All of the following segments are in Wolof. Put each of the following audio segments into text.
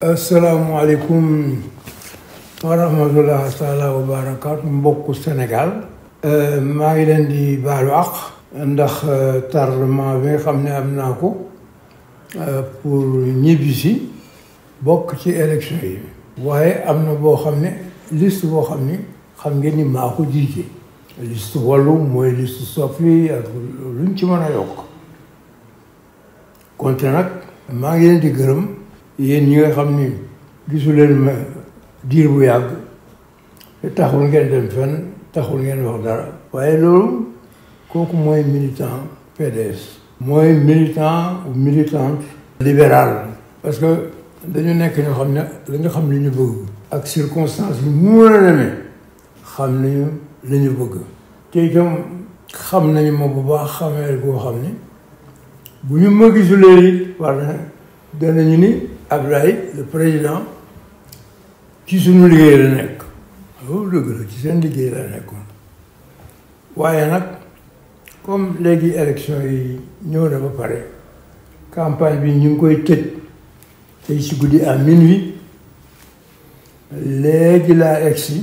asalaamualeykum wa rahmatullah taala wa Sénégal euh, maa ngi leen di baalu àq ndax euh, tardement bi nga xam ne am naa ko euh, pour ñibbisi bokk ci élection yi waaye am na boo xam ne liste boo xam ni xam ngeen ni maa ko jiite liste wàllu mooy liste soppi ak luñ ci mën a yokk konte nag maa ngi leen di gërëm yéen ñi nga xam ni gisuleen ma diir bu yàgg te taxul ngeen dem fenn taxul ngeen wax dara waaye loolu kooku mooy militant PDS mooy militant ou militante libéral parce que dañu nekk ñoo xam ne li xam li ñu bëgg ak circonstance yi mu mën a demee xam nañu li ñu bëgg te itam xam nañu ma bu baax xamee koo xam ne bu ñu ma gisulee it war na danañu ni Abdoulaye le président ci suñu liggéey la nekk loolu dëgg la ci seen liggéey la nekkoon waaye nag comme léegi élection yi ñëw na ba pare campagne bi ñu ngi koy tëj tey si guddi à minuit léegi laa egsi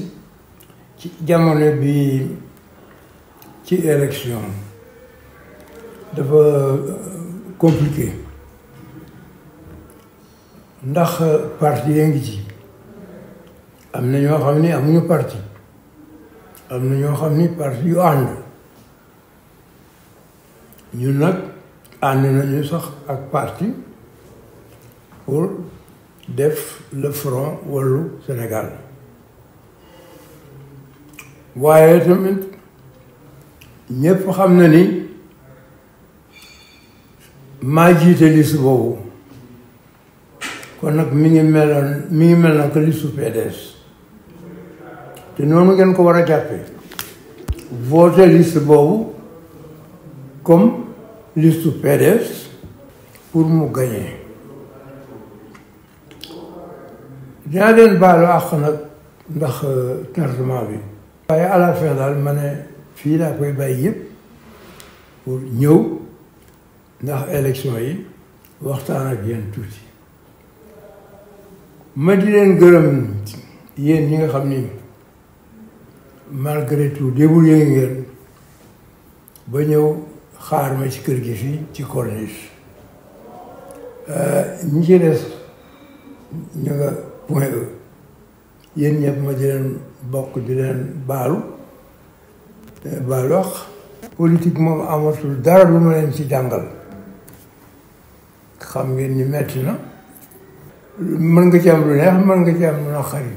ci jamono bi ci élection dafa euh, compliqué ndax eh, parti yaa ngi ci am na ñoo xam ni amuñu parti am na ñoo xam ni parti yu ànd ñu nag ànd nañu sax ak parti pour def le front Wallu Sénégal waaye tamit ñëpp xam na ni maa jiite liste boobu kon nag mi ngi meloon mi ngi mel na que li su te noonu ngeen ko war a jàppee voté liste boobu comme liste su pour mu gagné dinaa leen baalu àq nag ndax euh, tardement bi waaye à daal ma ne fii laa koy bàyyi yëpp pour ñëw ndax élection yi waxtaan ak yéen tuuti ma di leen gërëm yéen ñi nga xam ni malgré tout débrouillé ngeen ba ñëw xaar ma ci kër gi fii ci corniche euh, ñi ci des ñu nga point E yéen ñëpp ma di leen bokk di leen baalu baalu wax politique moom amatul dara lu ma leen ci jàngal xam ngeen ñi metti na mën nga ci am lu neex mën nga ci am lu naqari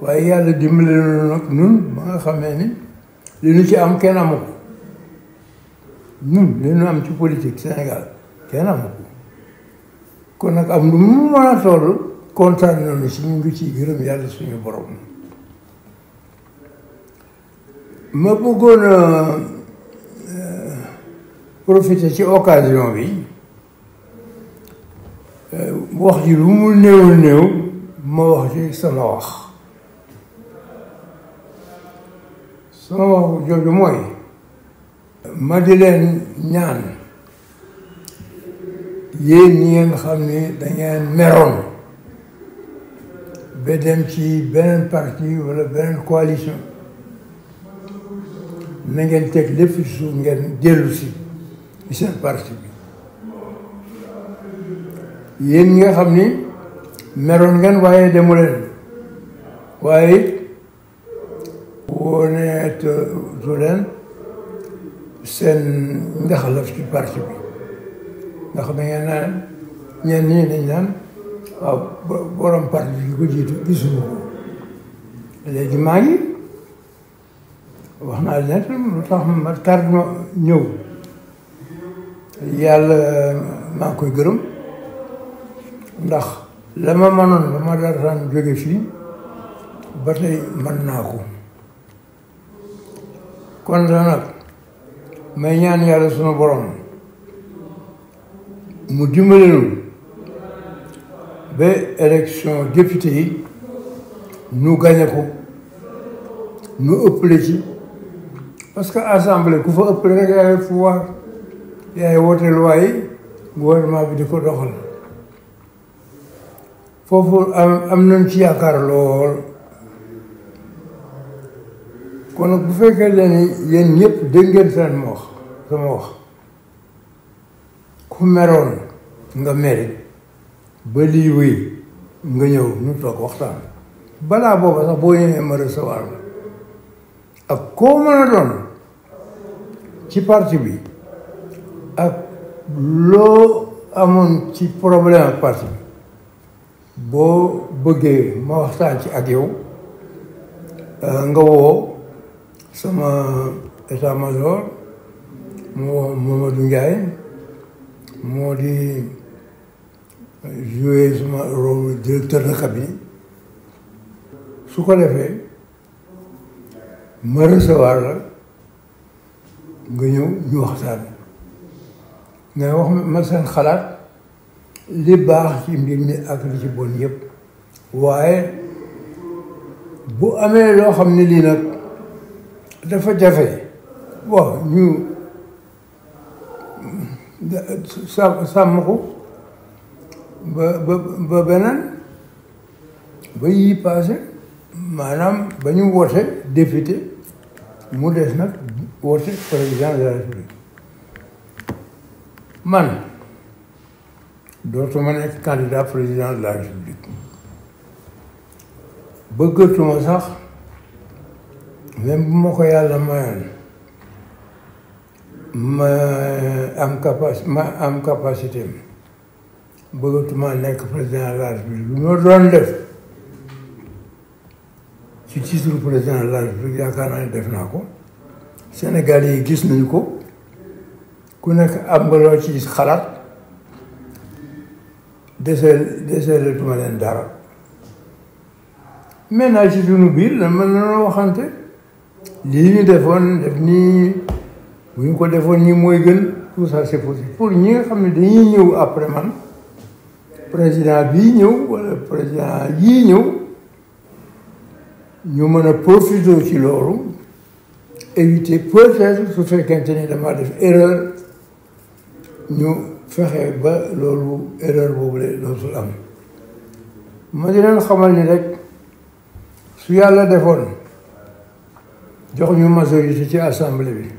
waaye yàlla dimbale na nag ñun ba nga xamee ni li ñu ci am kenn amu ko li ñu am ci politique Sénégal kenn amu kon nag am lu mu mën a toll kontaan nañu si ñu ngi ciy gërëm yàlla suñu borom ma bëggoon euh, profité ci occasion bi Euh, wax ji lu mu néew néew ma wax ci sama wax sama wax jooju mooy ma di leen ñaan yéen ñi ngeen xam ni dangeen meroon ba dem ci beneen parti wala beneen coalition na ngeen teg lépp ci suuf ngeen dellu si ci seen parti bi yéen ñi nga xam ni meroon ngeen waaye demu leen waaye it woneetu leen seen ndaxalaf ci parti bi ndax da ngeen naan ñeen ñii dañ naan waaw borom parti bi ko jiitu gisuñu ko léegi maa ngi wax naa leen lu tax ma tar ma yàlla maa koy gërëm ndax la ma mënoon la ma daan jóge fii ba tey mën naa ko kon nag may ñaan yàlla sunu borom mu dimbalelu ba élection député yi nu gañe ko nu ëppale ci parce que assemblée ku fa ëppale rek yaay pouvoir yaay woote loi yi gouvernement bi di ko doxal foofu am am nañ ci yaakaar lool kon nag bu fekkee ne yéen ñëpp dégg seen ma wax sama wax ku meroon nga meri ba lii wéy nga ñëw ñu toog waxtaan balaa booba sax boo ñëwee ma recevoir la ak koo mën a doon ci parti bi ak loo amoon ci problème ak parti boo bëggee ma waxtaan ci ak yow euh, nga woo sama état-major mu woo Mamadou Ndiaye moo di joué sama rôle directeur de cabinet su ko defee ma recevoir la nga ñëw ñu waxtaan nga wax ma seen xalaat li baax ci mbir mi ak li ci bon yëpp waaye bu amee loo xam ne lii nag dafa jafe waaw ñu sàmm ko ba ba ba beneen ba yii passé maanaam ba ñu wote député mu des nag wote président de la République man dootuma nekk candidat président de la république bëggatuma sax même bu ma ko yàlla mayoon ma am capaci ma am nekk président de la république lu ma doon def ci titre président de la république yaakaar naa def naa ko Sénégal yi gis nuñ ko ku nekk am nga loo ci xalaat deseel deseelatuma leen dara maintenant ci sunu biir lan mën na waxante lii ñu defoon def nii bu ñu ko defoon nii mooy gën tout ça c'est possible pour ñi nga xam ne dañuy ñëw après man président bii ñëw wala président yii ñëw ñu mën a profiter ci loolu éviter peut-être su fekkente ni dama def erreur ñu fexe ba loolu erreur boobu de dootul am ma di xamal ni rek su yàlla defoon jox ñu majorité ci assemblée bi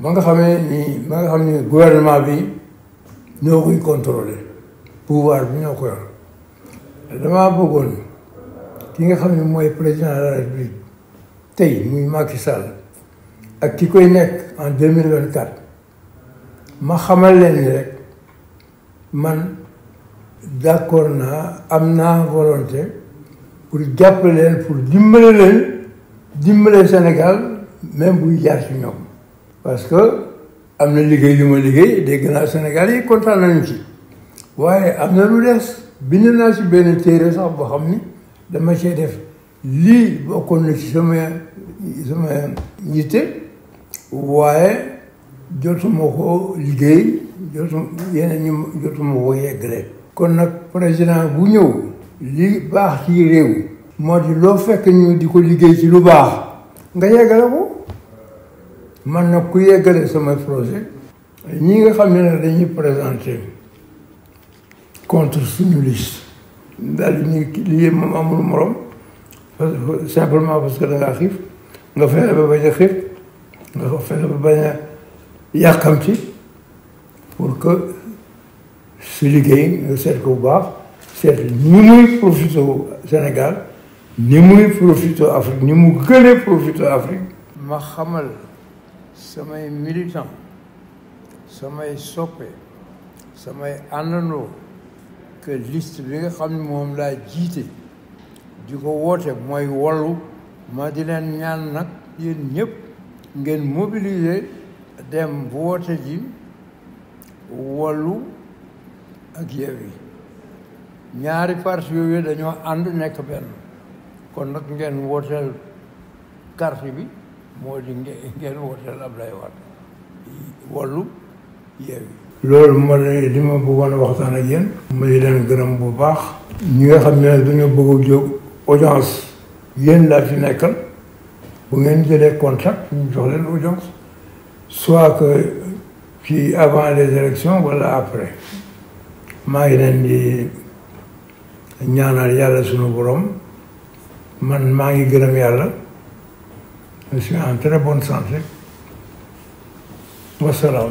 ba nga xamee ni ba nga xam ni gouvernement bi ñoo koy contrôler pouvoir bi ñoo ko yor damaa bëggoon ki nga xam ne mooy président de la république tey muy Macky Sall ak ki koy nekk en deux mille vingt quatre ma xamal leen ni rek man d'accord naa am naa volonté pour jàppale leen pour dimbale leen dimbale Sénégal même buy jaar ci ñoom parce que am na liggéey yu ma liggéey dégg naa Sénégal yi kontaan nañu ci waaye am na lu des bind naa ci benn téere sax boo xam ni dama cee def lii bokkoon na ci sama sama yitte waaye jotuma ko liggéey jotum yeneen ñi jotuma ko yeggale kon nag président bu ñëw li baax ci réew moo di loo fekk ñu di ko liggéey ci lu baax nga yeggale ko man nag ku yeggale samay projet ñi nga xam ne nag dañuy présenté contre suñu liste daal di ñuy lii moom amul morom simplement parce que da xiif nga fexe ba bañ a xiif nga fexe ba bañ a yàkkamti pour que su liggéey nga seet ko bu baax seet ni muy profité Sénégal ni muy profité Afrique ni mu gënee profité Afrique ma xamal samay militant samay soppe samay àndandoo que liste bi nga xam ne moom laa jiite di ko woote mooy wollu ma di leen ñaan nag yéen ñëpp ngeen mobiliser dem woote ji wallu ak Yewwi ñaari parti yooyu dañoo ànd nekk benn kon nag ngeen wooteel carte bi moo di ngeen wooteel Ablaye Wade wallu Yewwi loolu ma ne li ma bëggoon a waxtaan ak yéen ma di leen gërëm bu baax ñi nga xam ne dañoo bëgg a jóg audience yéen laa fi nekkal bu ngeen jëlee contact ñu jox leen audience soit que ci avant les élections wala après maa ngi leen di ñaanal yàlla sunu borom man maa ngi gërëm yàlla je suis en très bonne santé wasalaam